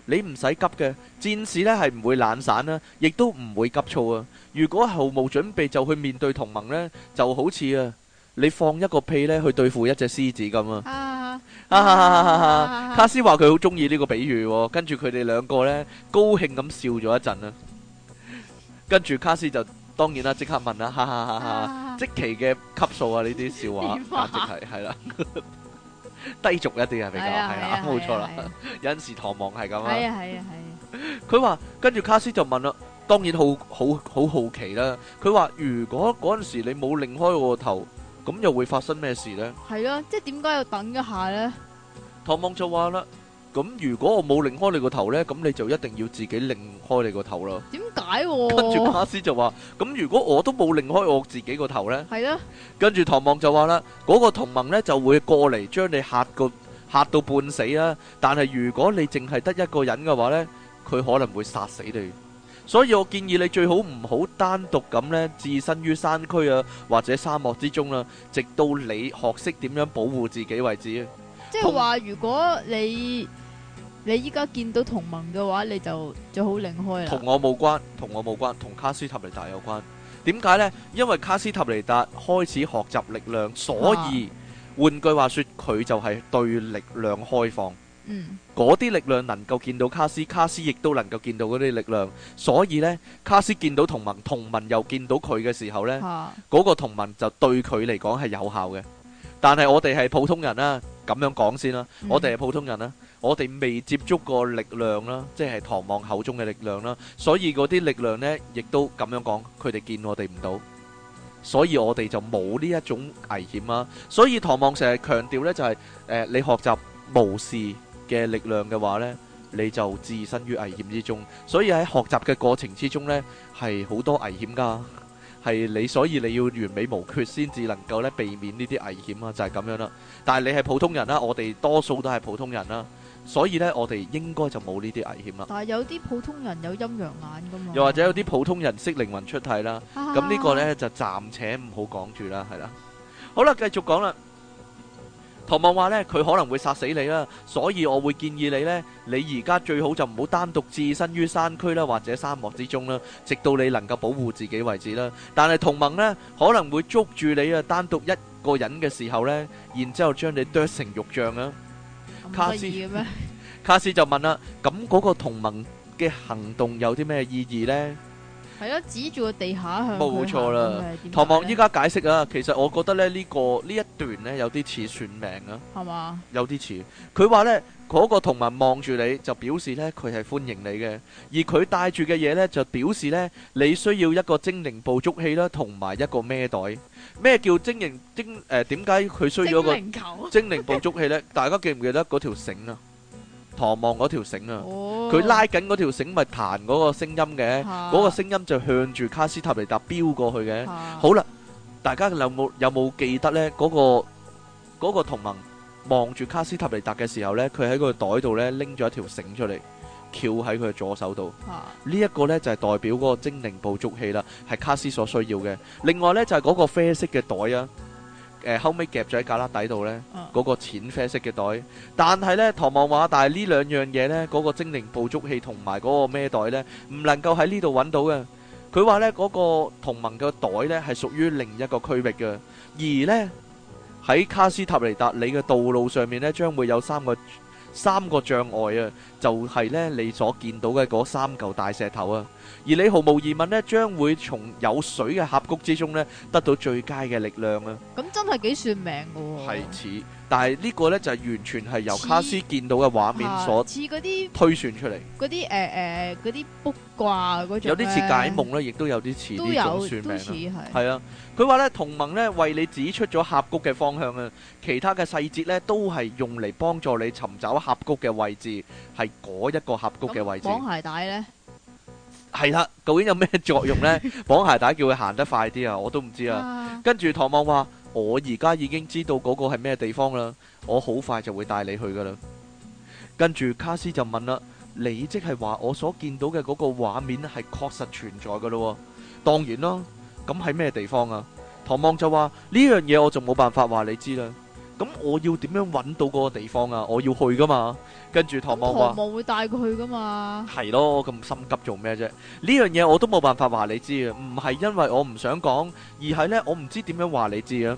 你唔使急嘅，戰士呢係唔會懶散啦，亦都唔會急躁啊。如果毫無準備就去面對同盟呢，就好似啊，你放一個屁呢去對付一隻獅子咁啊。卡斯話佢好中意呢個比喻，跟住佢哋兩個呢高興咁笑咗一陣啦，跟住卡斯就。當然啦，即刻問啦，哈哈哈哈哈，即期嘅級數啊，呢啲笑話，簡直係啦，低俗一啲啊，比較係啦，冇錯啦，有陣時唐望係咁啊，係啊係啊係啊，佢話跟住卡斯就問啦，當然好好好好奇啦，佢話如果嗰陣時你冇擰開我個頭，咁又會發生咩事咧？係啊，即係點解要等一下咧？唐望就話啦。咁如果我冇擰開你個頭咧，咁你就一定要自己擰開你個頭咯。點解？跟住卡斯就話：咁如果我都冇擰開我自己個頭咧，係咯。跟住唐望就話啦：嗰個同盟咧就會過嚟將你嚇個嚇到半死啊！但係如果你淨係得一個人嘅話咧，佢可能會殺死你。所以我建議你最好唔好單獨咁咧，置身於山區啊或者沙漠之中啦，直到你學識點樣保護自己為止啊！即係話如果你。你依家見到同盟嘅話，你就就好擰開啦。同我冇關，同我冇關，同卡斯塔尼達有關。點解呢？因為卡斯塔尼達開始學習力量，所以換、啊、句話說，佢就係對力量開放。嗯，嗰啲力量能夠見到卡斯，卡斯亦都能夠見到嗰啲力量，所以呢，卡斯見到同盟，同盟又見到佢嘅時候呢，嗰、啊、個同盟就對佢嚟講係有效嘅。但係我哋係普通人啦、啊，咁樣講先啦、啊，嗯、我哋係普通人啦、啊。我哋未接觸過力量啦，即係唐望口中嘅力量啦，所以嗰啲力量呢，亦都咁樣講，佢哋見我哋唔到，所以我哋就冇呢一種危險啦。所以唐望成日強調呢，就係誒你學習巫士嘅力量嘅話呢，你就置身於危險之中。所以喺學習嘅過程之中呢，係好多危險噶，係 你所以你要完美無缺先至能夠咧避免呢啲危險啊，就係、是、咁樣啦。但係你係普通人啦，我哋多數都係普通人啦。所以咧，我哋應該就冇呢啲危險啦。但係有啲普通人有陰陽眼噶嘛。又或者有啲普通人識靈魂出體啦。咁呢個咧就暫且唔好講住啦，係啦。好啦，繼續講啦。同盟話咧，佢可能會殺死你啦，所以我會建議你咧，你而家最好就唔好單獨置身於山區啦，或者沙漠之中啦，直到你能夠保護自己為止啦。但係同盟咧可能會捉住你啊，單獨一個人嘅時候咧，然之後將你剁成肉醬啊！卡斯，卡斯就問啦，咁嗰個同盟嘅行動有啲咩意義呢？係咯，指住個地下冇錯啦，唐望依家解釋啊，其實我覺得咧、這、呢個呢一段咧有啲似算命啊，係嘛吧？有啲似。佢話咧嗰個同盟望住你就表示咧佢係歡迎你嘅，而佢帶住嘅嘢咧就表示咧你需要一個精靈捕捉器啦，同埋一個孭袋。咩叫精靈精誒？點解佢需要一個精靈捕捉器咧？ 大家記唔記得嗰條繩啊？唐望嗰條繩啊，佢拉緊嗰條繩咪彈嗰個聲音嘅，嗰個聲音就向住卡斯塔尼達飆過去嘅。好啦，大家有冇有冇記得咧？嗰個嗰個同盟望住卡斯塔尼達嘅時候咧，佢喺個袋度咧拎咗一條繩出嚟，翹喺佢嘅左手度。呢一個咧就係代表嗰個精靈捕捉器啦，係卡斯所需要嘅。另外咧就係嗰個啡色嘅袋啊。誒，後尾夾咗喺旮旯底度咧，嗰個淺啡色嘅袋，但係咧，唐望話，但係呢兩樣嘢咧，嗰個精靈捕捉器同埋嗰個咩袋咧，唔能夠喺呢度揾到嘅。佢話咧，嗰個同盟嘅袋咧，係屬於另一個區域嘅，而咧喺卡斯塔尼達裏嘅道路上面咧，將會有三個。三個障礙啊，就係、是、咧你所見到嘅嗰三嚿大石頭啊，而你毫無疑問咧，將會從有水嘅峽谷之中咧得到最佳嘅力量啊！咁真係幾算命嘅喎。係似。但係呢個呢，就係完全係由卡斯見到嘅畫面所推算出嚟，嗰啲誒誒嗰啲卜卦嗰種，有啲似解夢呢亦都有啲似呢種算命啦。係啊，佢話呢同盟呢，為你指出咗峽谷嘅方向啊，其他嘅細節呢，都係用嚟幫助你尋找峽谷嘅位置，係嗰一個峽谷嘅位置。咁綁鞋帶呢？係啦、啊，究竟有咩作用呢？ 綁鞋帶叫佢行得快啲啊！我都唔知啊。跟住唐望話，我而家已經知道嗰個係咩地方啦，我好快就會帶你去噶啦。跟住卡斯就問啦：，你即係話我所見到嘅嗰個畫面咧係確實存在噶咯？當然啦，咁係咩地方啊？唐望就話呢樣嘢我就冇辦法話你知啦。咁我要點樣揾到嗰個地方啊？我要去噶嘛？跟住唐望話：，唐望會帶佢去噶嘛？係咯，咁心急做咩啫？呢樣嘢我都冇辦法話你知啊，唔係因為我唔想講，而係呢，我唔知點樣話你知啊。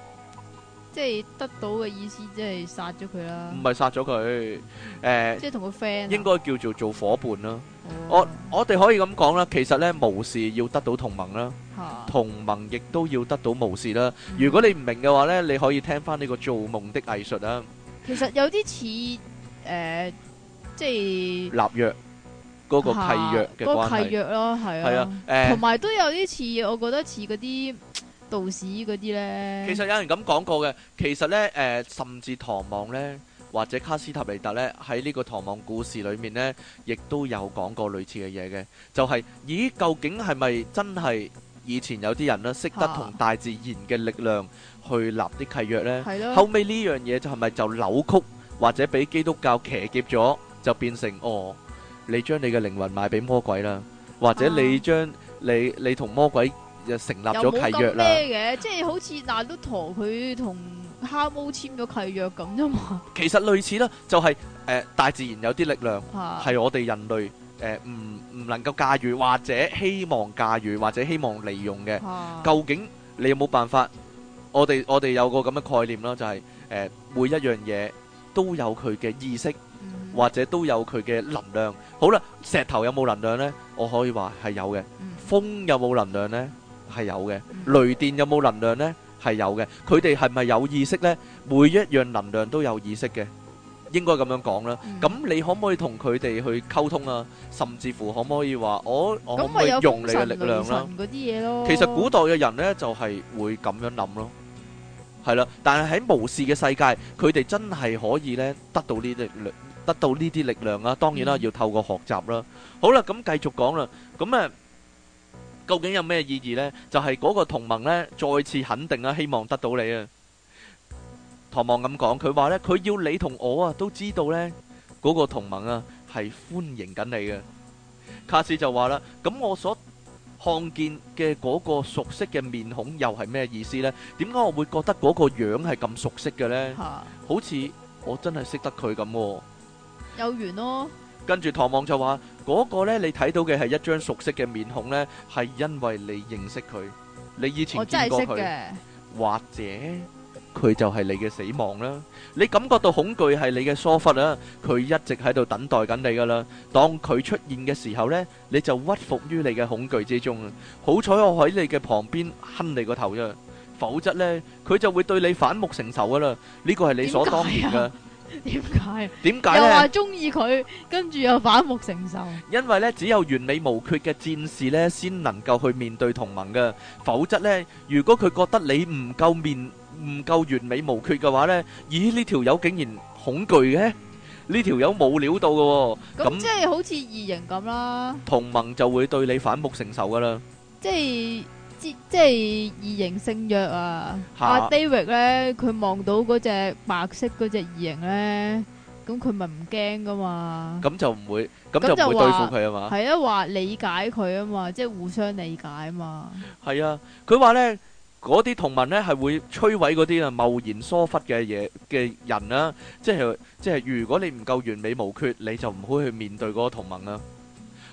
即係得到嘅意思，即係殺咗佢啦。唔係殺咗佢，誒，即係同個 friend，應該叫做做伙伴啦。我我哋可以咁講啦，其實咧，巫士要得到同盟啦，同盟亦都要得到巫士啦。如果你唔明嘅話咧，你可以聽翻呢個做夢的藝術啦。其實有啲似誒，即係立約嗰個契約嘅關係咯，係啊，同埋都有啲似，我覺得似嗰啲。道士嗰啲咧，其實有人咁講過嘅。其實咧，誒，甚至《唐望》咧，或者《卡斯塔尼達》咧，喺呢個《唐望》故事裏面咧，亦都有講過類似嘅嘢嘅。就係，咦，究竟係咪真係以前有啲人咧，識得同大自然嘅力量去立啲契約咧？係咯。後尾呢樣嘢就係咪就扭曲或者俾基督教騎劫咗，就變成哦，你將你嘅靈魂賣俾魔鬼啦，或者你將你你同魔鬼又成立咗契約啦。咩嘅，即係好似嗱，都陀佢同哈毛簽咗契約咁啫嘛。其實類似啦，就係誒大自然有啲力量係我哋人類誒唔唔能夠駕馭，或者希望駕馭，或者希望利用嘅。究竟你有冇辦法？我哋我哋有個咁嘅概念啦，就係誒每一樣嘢都有佢嘅意識，或者都有佢嘅能量。好啦，石頭有冇能量呢？我可以話係有嘅。風有冇能量呢？係有嘅，雷電有冇能量咧？係有嘅，佢哋係咪有意識咧？每一樣能量都有意識嘅，應該咁樣講啦。咁你可唔可以同佢哋去溝通啊？甚至乎可唔可以話我我可唔可以用你嘅力量啦？咁咪有神神嗰啲嘢咯。其實古代嘅人咧就係會咁樣諗咯，係啦。但係喺巫士嘅世界，佢哋真係可以咧得到呢啲力量，得到呢啲力量啊！當然啦，要透過學習啦。好啦，咁繼續講啦。咁啊。究竟有咩意義呢？就係嗰個同盟呢，再次肯定啊，希望得到你啊。唐望咁講，佢話呢，佢要你同我啊，都知道呢，嗰個同盟啊，係歡迎緊你嘅。卡斯就話啦，咁我所看見嘅嗰個熟悉嘅面孔，又係咩意思呢？點解我會覺得嗰個樣係咁熟悉嘅呢？好似我真係識得佢咁。有緣咯。跟住唐望就話。嗰個咧，你睇到嘅係一張熟悉嘅面孔咧，係因為你認識佢，你以前見過佢，或者佢就係你嘅死亡啦。你感覺到恐懼係你嘅疏忽啦，佢一直喺度等待緊你噶啦。當佢出現嘅時候咧，你就屈服於你嘅恐懼之中啊！好彩我喺你嘅旁邊，哼你個頭啫，否則咧，佢就會對你反目成仇噶啦。呢個係理所當然噶。點解？點解咧？又話中意佢，跟住又反目成仇。因為咧，只有完美無缺嘅戰士咧，先能夠去面對同盟嘅。否則咧，如果佢覺得你唔夠面，唔夠完美無缺嘅話咧，咦？呢條友竟然恐懼嘅？呢條友冇料到嘅、哦。咁、嗯、樣即係好似異形咁啦。同盟就會對你反目成仇噶啦。即係。即即係異形聖約啊，阿、啊、David 咧，佢望到嗰隻白色嗰隻異形咧，咁佢咪唔驚噶嘛？咁就唔會，咁就唔會對付佢啊嘛？係啊，話理解佢啊嘛，即係互相理解啊嘛。係啊，佢話咧，嗰啲同盟咧係會摧毀嗰啲啊貿然疏忽嘅嘢嘅人啦，啊，即係即係如果你唔夠完美無缺，你就唔好去面對嗰個同盟啦。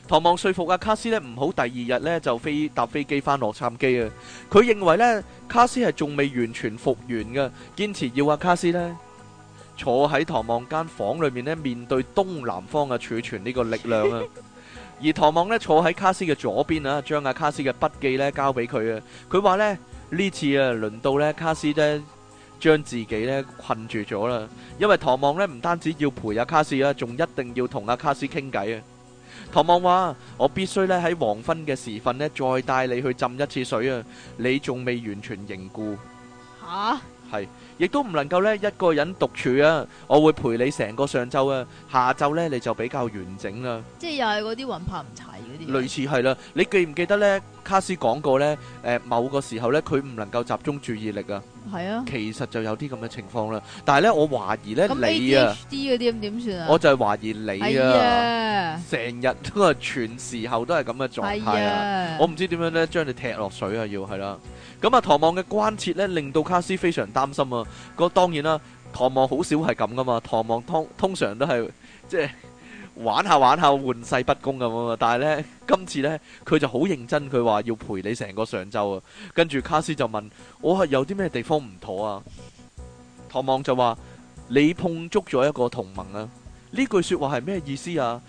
唐望說服阿卡斯呢唔好第二日呢就飛搭飛機返洛杉磯啊！佢認為呢，卡斯係仲未完全復原㗎，堅持要阿卡斯呢坐喺唐望間房裏面呢面對東南方嘅儲存呢個力量啊！ 而唐望呢坐喺卡斯嘅左邊啊，將阿卡斯嘅筆記呢交俾佢啊！佢話呢，呢次啊輪到呢，卡斯呢將自己呢困住咗啦，因為唐望呢唔單止要陪阿卡斯啊，仲一定要同阿卡斯傾偈啊！唐望話：我必須咧喺黃昏嘅時分呢，再帶你去浸一次水啊！你仲未完全凝固。吓！係，亦都唔能夠咧一個人獨處啊！我會陪你成個上晝啊，下晝咧你就比較完整啦、啊。即係又係嗰啲魂魄唔齊啲。類似係啦，你記唔記得咧？卡斯講過咧，誒、呃、某個時候咧，佢唔能夠集中注意力啊。係啊。其實就有啲咁嘅情況啦，但係咧我懷疑咧你啊。D 啲咁點算啊？我就係懷疑你啊，成、哎、呀日都係全時候都係咁嘅狀態啊！哎、呀我唔知點樣咧將你踢落水啊！要係啦。咁啊，唐望嘅關切呢，令到卡斯非常擔心啊！個當然啦，唐望好少係咁噶嘛，唐望通通常都係即係玩下玩下，玩世不恭咁啊！但係呢，今次呢，佢就好認真，佢話要陪你成個上晝啊！跟住卡斯就問：我係有啲咩地方唔妥啊？唐望就話：你碰觸咗一個同盟啊！呢句説話係咩意思啊？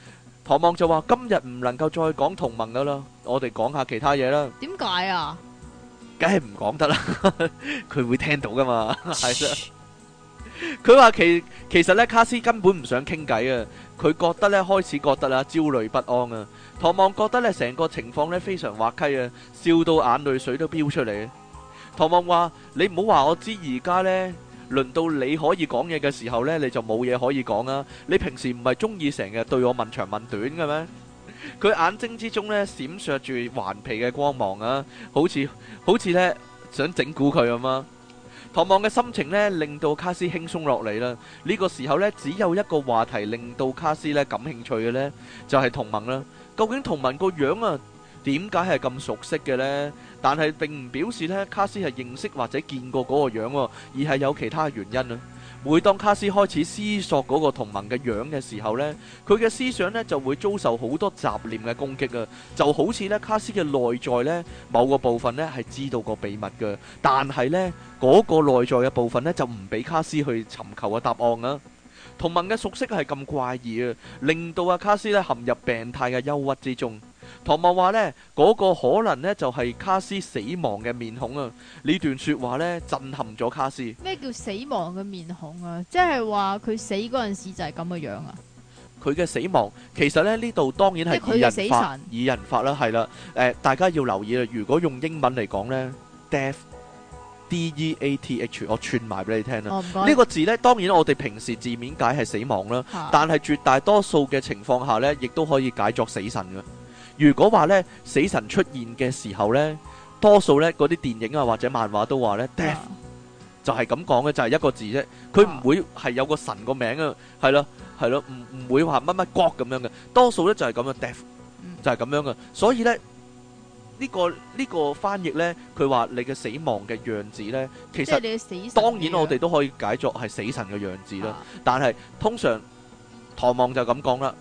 唐望就話：今日唔能夠再講同盟噶啦，我哋講下其他嘢啦。點解啊？梗係唔講得啦，佢 會聽到噶嘛？係。佢話其其實咧，卡斯根本唔想傾偈啊。佢覺得呢開始覺得啊，焦慮不安啊。唐望覺得呢成個情況呢非常滑稽啊，笑到眼淚水都飆出嚟。唐望話：你唔好話我知，而家呢，輪到你可以講嘢嘅時候呢，你就冇嘢可以講啊。你平時唔係中意成日對我問長問短嘅咩？佢眼睛之中咧閃爍住頑皮嘅光芒啊，好，好似好似咧想整蠱佢咁啊。唐望嘅心情咧令到卡斯輕鬆落嚟啦。呢、這個時候咧只有一個話題令到卡斯咧感興趣嘅咧就係、是、同盟啦。究竟同盟個樣啊點解係咁熟悉嘅咧？但係並唔表示咧卡斯係認識或者見過嗰個樣喎，而係有其他原因啊。每當卡斯開始思索嗰個同盟嘅樣嘅時候呢，佢嘅思想呢就會遭受好多雜念嘅攻擊啊！就好似呢，卡斯嘅內在呢，某個部分呢係知道個秘密㗎，但係呢，嗰個內在嘅部分呢，就唔俾卡斯去尋求個答案啊！同盟嘅熟悉係咁怪異啊，令到阿卡斯呢陷入病態嘅憂鬱之中。唐望話呢，嗰、那個可能呢，就係卡斯死亡嘅面孔啊。呢段說話呢，震撼咗卡斯。咩叫死亡嘅面孔啊？即係話佢死嗰陣時就係咁嘅樣啊？佢嘅死亡其實呢，呢度當然係佢嘅死神。擬人法啦，係啦。誒、呃，大家要留意啦。如果用英文嚟講呢 Death, d e a t h d e a t h，我串埋俾你聽啊。呢、哦、個字呢，當然我哋平時字面解係死亡啦，啊、但係絕大多數嘅情況下呢，亦都可以解作死神嘅。如果話咧死神出現嘅時候咧，多數咧嗰啲電影啊或者漫畫都話咧 death 就係咁講嘅就係一個字啫，佢唔會係有個神個名啊，係咯係咯，唔唔會話乜乜 god 咁樣嘅，多數咧就係咁樣 death 就係咁樣嘅，所以咧呢個呢個翻譯咧，佢話你嘅死亡嘅樣子咧，其實當然我哋都可以解作係死神嘅樣子啦，但係通常唐望就咁講啦。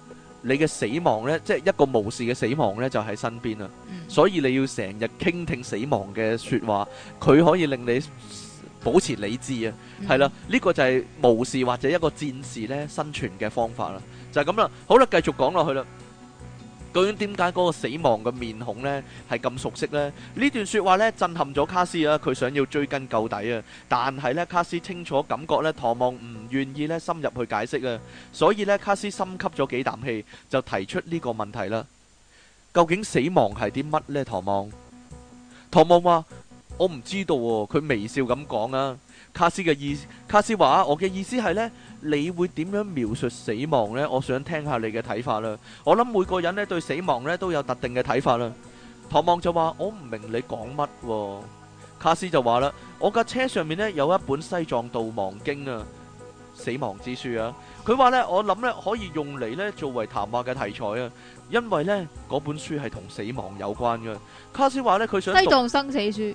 你嘅死亡呢，即係一個武士嘅死亡呢，就喺、是、身邊啦。所以你要成日傾聽死亡嘅說話，佢可以令你保持理智啊。係啦，呢、這個就係武士或者一個戰士呢生存嘅方法啦。就係咁啦，好啦，繼續講落去啦。究竟點解嗰個死亡嘅面孔呢係咁熟悉呢？呢段說話呢震撼咗卡斯啊，佢想要追根究底啊，但係呢卡斯清楚感覺呢，唐望唔願意呢深入去解釋啊，所以呢卡斯深吸咗幾啖氣，就提出呢個問題啦。究竟死亡係啲乜呢？唐望，唐望話我唔知道喎。佢微笑咁講啊。卡斯嘅意，卡斯話啊，我嘅意思係呢。你會點樣描述死亡呢？我想聽下你嘅睇法啦。我諗每個人咧對死亡咧都有特定嘅睇法啦。唐望就話我唔明你講乜喎。卡斯就話啦，我架車上面咧有一本西藏度亡經啊，死亡之書啊。佢話呢，我諗咧可以用嚟咧作為談話嘅題材啊，因為呢本書係同死亡有關嘅。卡斯話呢，佢想西藏生死書。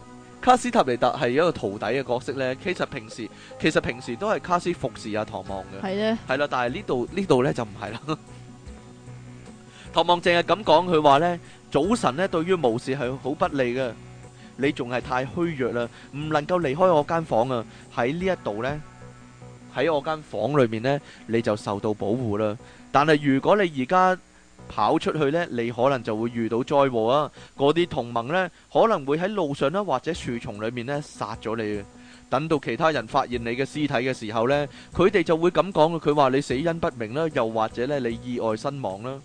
卡斯塔尼達係一個徒弟嘅角色咧，其實平時其實平時都係卡斯服侍阿唐望嘅，係咧，係啦，但係呢度呢度咧就唔係啦。唐望淨係咁講，佢話咧早晨咧，對於巫師係好不利嘅，你仲係太虛弱啦，唔能夠離開我間房啊！喺呢一度咧，喺我間房裏面咧，你就受到保護啦。但係如果你而家，跑出去呢，你可能就會遇到災禍啊！嗰啲同盟呢，可能會喺路上啦，或者樹叢裏面呢殺咗你。等到其他人發現你嘅屍體嘅時候呢，佢哋就會咁講嘅，佢話你死因不明啦，又或者呢，你意外身亡啦。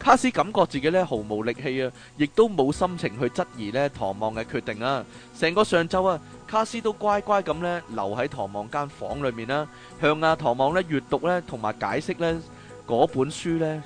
卡斯感覺自己呢，毫無力氣啊，亦都冇心情去質疑呢唐望嘅決定啊。成個上晝啊，卡斯都乖乖咁呢，留喺唐望間房裏面啦，向阿唐望呢閱讀呢，同埋解釋呢嗰本書呢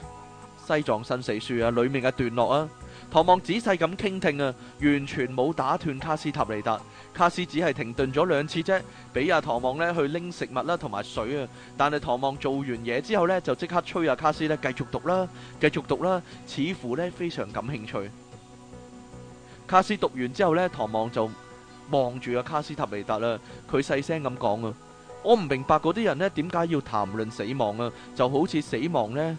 《西藏生死書》啊，裏面嘅段落啊，唐望仔細咁傾聽啊，完全冇打斷卡斯塔尼達，卡斯只係停頓咗兩次啫，俾阿唐望呢去拎食物啦同埋水啊，但係唐望做完嘢之後呢，就即刻催阿卡斯呢繼續讀啦，繼續讀啦，似乎呢非常感興趣。卡斯讀完之後呢，唐望就望住阿卡斯塔尼達啦，佢細聲咁講啊，我唔明白嗰啲人呢點解要談論死亡啊，就好似死亡呢。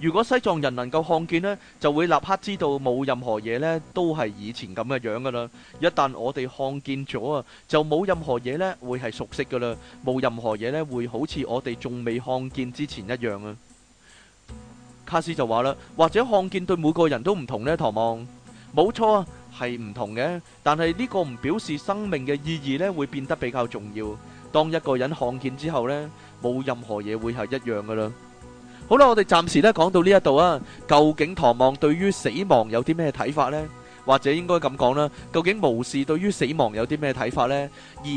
如果西藏人能夠看見咧，就會立刻知道冇任何嘢咧，都係以前咁嘅樣噶啦。一旦我哋看見咗啊，就冇任何嘢咧會係熟悉噶啦，冇任何嘢咧會好似我哋仲未看見之前一樣啊。卡斯就話啦，或者看見對每個人都唔同咧，唐望？冇錯啊，係唔同嘅。但係呢個唔表示生命嘅意義咧，會變得比較重要。當一個人看見之後咧，冇任何嘢會係一樣噶啦。好啦，我哋暫時咧講到呢一度啊。究竟唐望對於死亡有啲咩睇法呢？或者應該咁講啦，究竟巫士對於死亡有啲咩睇法呢？而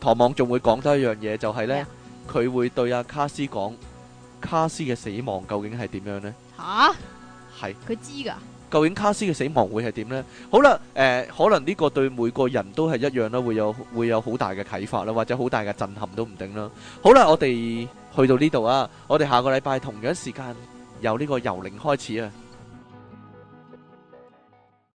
唐望仲會講多一樣嘢，就係呢，佢會對阿卡斯講，卡斯嘅死亡究竟係點樣呢？吓，係佢知噶？究竟卡斯嘅死亡會係點呢？好啦，誒，可能呢個對每個人都係一樣啦，會有會有好大嘅啟發啦，或者好大嘅震撼都唔定啦。好啦，我哋。去到呢度啊，我哋下個禮拜同樣時間由呢個遊靈開始啊。